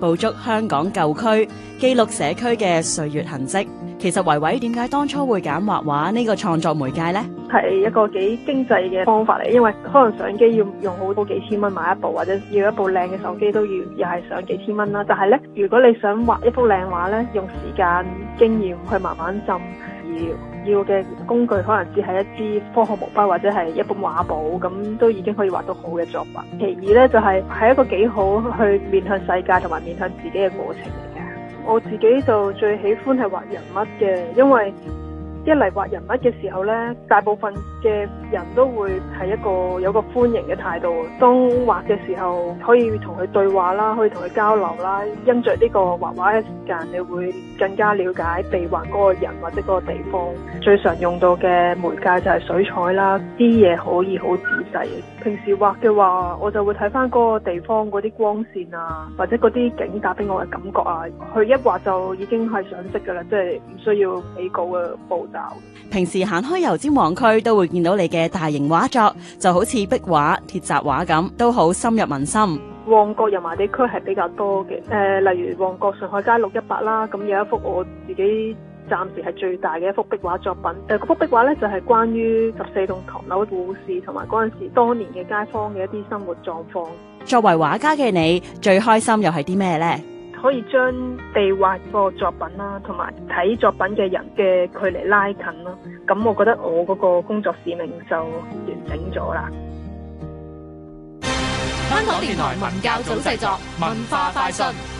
捕捉香港舊區，記錄社區嘅歲月痕跡。其實維維點解當初會揀畫畫呢個創作媒介呢？係一個幾經濟嘅方法嚟，因為可能相機要用好多幾千蚊買一部，或者要一部靚嘅手機都要，又係上幾千蚊啦。但係呢，如果你想畫一幅靚畫呢，用時間、經驗去慢慢浸。要嘅工具可能只係一支科學毛筆或者係一本畫簿，咁都已經可以畫到好嘅作品。其二呢，就係係一個幾好去面向世界同埋面向自己嘅過程嚟嘅。我自己就最喜歡係畫人物嘅，因為。一嚟畫人物嘅時候呢，大部分嘅人都會係一個有個歡迎嘅態度。當畫嘅時候可，可以同佢對話啦，可以同佢交流啦。因着呢個畫畫嘅時間，你會更加了解被畫嗰個人或者嗰個地方。最常用到嘅媒介就係水彩啦，啲嘢可以好仔細。平時畫嘅話，我就會睇返嗰個地方嗰啲光線啊，或者嗰啲景帶俾我嘅感覺啊。佢一畫就已經係上色噶啦，即係唔需要起稿嘅步。平時行開油尖旺區都會見到你嘅大型畫作，就好似壁畫、鐵閘畫咁，都好深入民心。旺角油麻地區係比較多嘅，誒、呃，例如旺角上海街六一八啦，咁有一幅我自己暫時係最大嘅一幅壁畫作品。誒、呃，幅壁畫咧就係、是、關於十四棟唐樓嘅故事，同埋嗰陣時當年嘅街坊嘅一啲生活狀況。作為畫家嘅你，最開心又係啲咩呢？可以將地畫個作品啦，同埋睇作品嘅人嘅距離拉近啦。咁我覺得我嗰個工作使命就完整咗啦。香港電台文教組製作文化快訊。